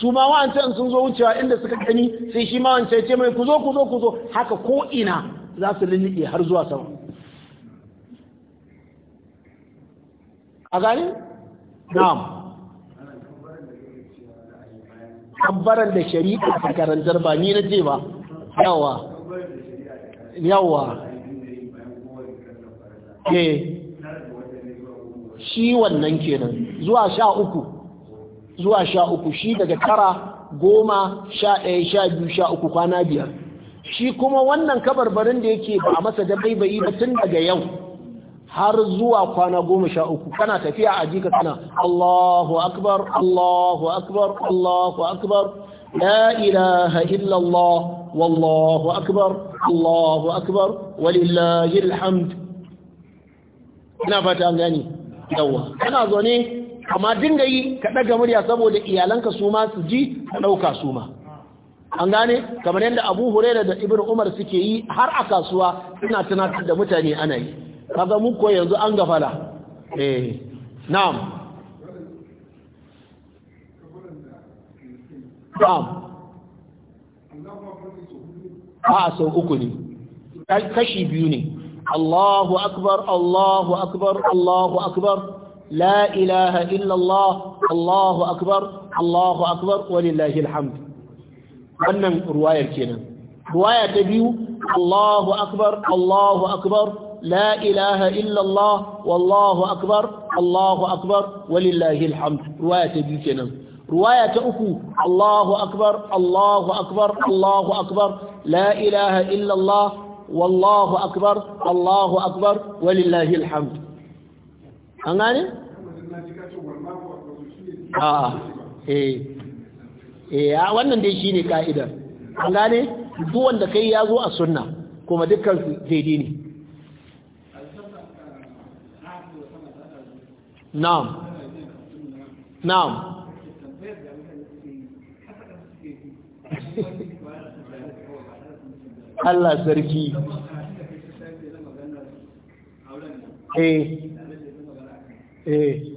[SPEAKER 1] su ma wa'ancan sun zo wucewa inda suka gani sai shi ma wancan ce mai ku zo ku zo ku zo haka ko ina za su lulluɓe har zuwa sama a gani? na'am kabbaran da shari'a a karantar ba ni na ce ba yawa yawa ke eh. shi wannan kenan zuwa sha uku zuwa sha uku shi daga tara goma sha ɗaya sha biyu sha uku kwana biyar shi kuma wannan kabarbarin da yake ba a masa dabaibayi ba tun daga yau har zuwa kwana goma sha uku kana tafiya a jika kana Allahu akbar Allahu akbar Allahu akbar la ilaha illallah wallahu akbar Allahu akbar walillahi alhamd ina fata an gani yawa kana zo ne amma dinga yi ka daga murya saboda iyalanka su ma su ji ka dauka su ma an gane kamar yadda Abu Hurairah da Ibn Umar suke yi har a kasuwa suna tunatar da mutane ana yi kaga mu ko yanzu an gafala eh na'am na'am a sau uku ne kashi biyu ne Allahu akbar Allahu akbar Allahu akbar la ilaha illallah Allahu akbar Allahu akbar walillahi alhamd wannan ruwayar kenan ruwaya ta biyu Allahu akbar Allahu akbar لا إله إلا الله والله أكبر الله أكبر ولله الحمد رواية بيكنا رواية أكو الله أكبر الله أكبر الله أكبر لا إله إلا الله والله أكبر الله أكبر ولله الحمد هنغاني؟ آه إيه إيه wannan dai shine ka'idar an gane duk wanda kai yazo a sunna kuma dukkan daidai ne
[SPEAKER 2] na'am na'am Allah sarki eh, eh. eh.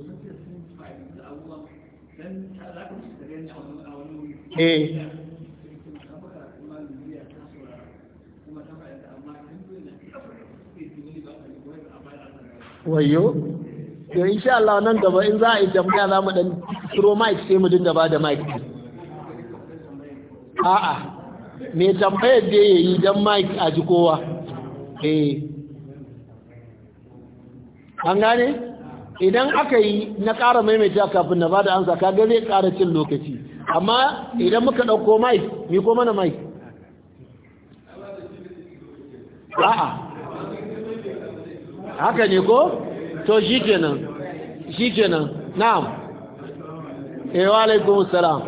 [SPEAKER 1] to insha Allah nan gaba in za a yi tambaya za mu dan throw mic sai mu dinga ba da mic a'a me tambayar da ya yi dan mic a ji kowa eh an gane idan aka yi na ƙara maimaita kafin na ba da ansa ga zai ƙara cin lokaci amma idan muka ɗauko mic mi ko mana mic a'a haka ne ko to shi kenan shi kenan na'am eh wa alaikum salam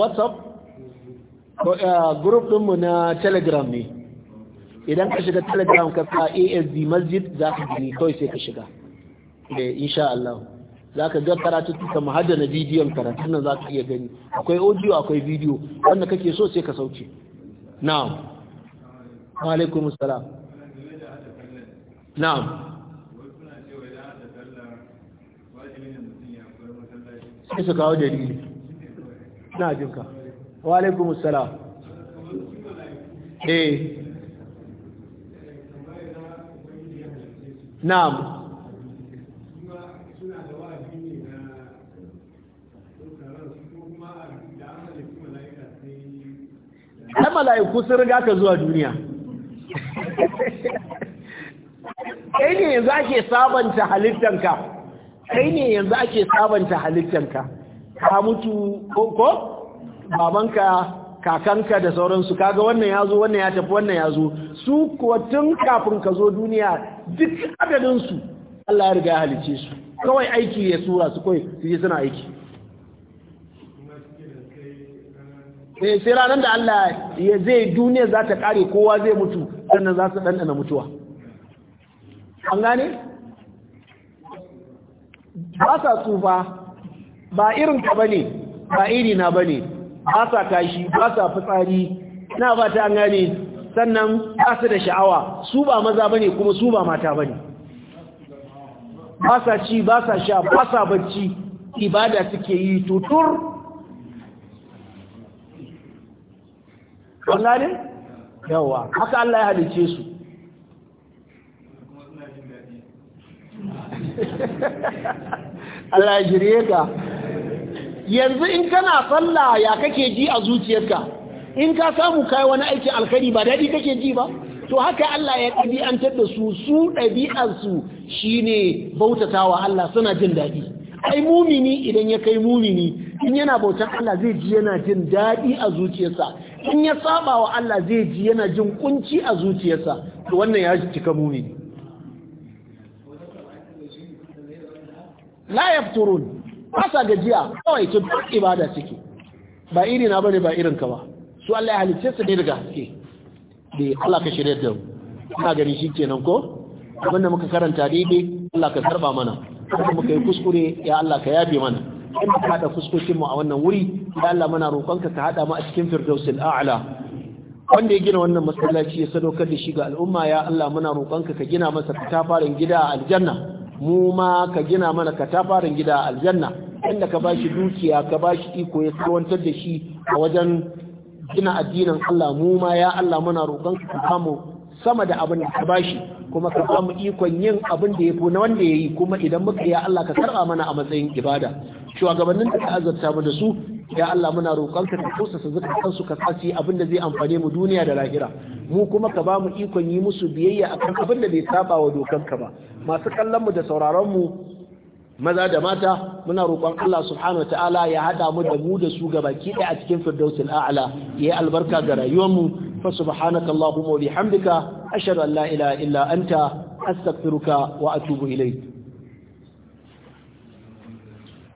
[SPEAKER 1] whatsapp eh, group mu na telegram ne idan ka shiga telegram ka sa asd masjid za ka gani kawai sai ka shiga eh, insha Allah za ka ga karatu ta mahada na bidiyon karatun nan za ka iya gani akwai audio akwai bidiyo wanda kake so sai ka sauke na'am wa alaikum assalam na'am sai kawo na jinka wa alaikum assalam eh na'am ai mala'iku sun riga ka zuwa duniya kai ne yanzu ake sabanta halittanka kai ne yanzu ake sabanta halittanka ka mutu ko babanka kakanka da sauransu kaga wannan ya zo wannan ya tafi wannan ya zo su kuwa tun kafin ka zo duniya duk adadinsu Allah ya riga halice su kawai aiki ya sura su kawai su suna aiki eh sai ranar da Allah ya zai duniya za ta kare kowa zai mutu sannan za su ɗanɗana mutuwa an gane ba sa tsufa ba irin ka ne, ba iri na ne. ba sa kashi ba sa fitsari ina ba ta an gane sannan ba su da sha'awa su ba maza ba ne, kuma su ba mata ba ne. ba sa ci ba sa sha ba sa bacci ibada suke yi tutur kun haka Allah ya halice su Allah ya jire ka yanzu in kana sallah ya kake ji a zuciyarka in ka samu kai wani aikin alkhairi ba daɗi kake ji ba to haka Allah ya ɗabi'antar da su su ɗabi'arsu shine bautatawa Allah suna jin daɗi ai mumini idan ya kai mumini in yana bautan Allah zai ji yana jin daɗi a zuciyarsa in ya saba wa Allah zai ji yana jin kunci a zuciyarsa to wannan ya cika muni la yafturun asa gajiya kawai ta duk ibada suke ba iri na bane ba irin ka ba su Allah ya halicce su ne daga haske da eh, Allah ka shirye da mu ina gani shikenan ko abinda muka karanta daidai Allah ka sarba mana kuma muka yi kuskure ya Allah ka yafe mana in hada fuskokin mu a wannan wuri ya Allah muna roƙonka ka hada mu a cikin firdausil a'la wanda ya gina wannan masallaci ya sadaukar da shi ga al'umma ya Allah muna roƙonka ka gina masa katafaren gida a aljanna mu ma ka gina mana katafaren gida a aljanna inda ka bashi dukiya ka bashi iko ya tsawantar da shi a wajen gina addinin Allah mu ma ya Allah muna roƙonka ka samu sama da abin da ka bashi kuma ka samu ikon yin abin da ya fi na wanda ya yi kuma idan muka ya Allah ka karɓa mana a matsayin ibada shugabannin da ka azabta mu da su ya Allah muna roƙonka ka kusasa zakatan su ka tsasi abin da zai amfane mu duniya da lahira mu kuma ka ba mu ikon yi musu biyayya akan abin da bai saba wa dokanka ba masu kallon mu da sauraron mu maza da mata muna roƙon Allah subhanahu ta'ala ya hada mu da mu da su gabaki ɗaya a cikin firdausul a'la ya albarka ga rayuwar mu fa subhanaka allahumma wa bihamdika ashhadu an la ilaha illa anta astaghfiruka wa atubu ilayk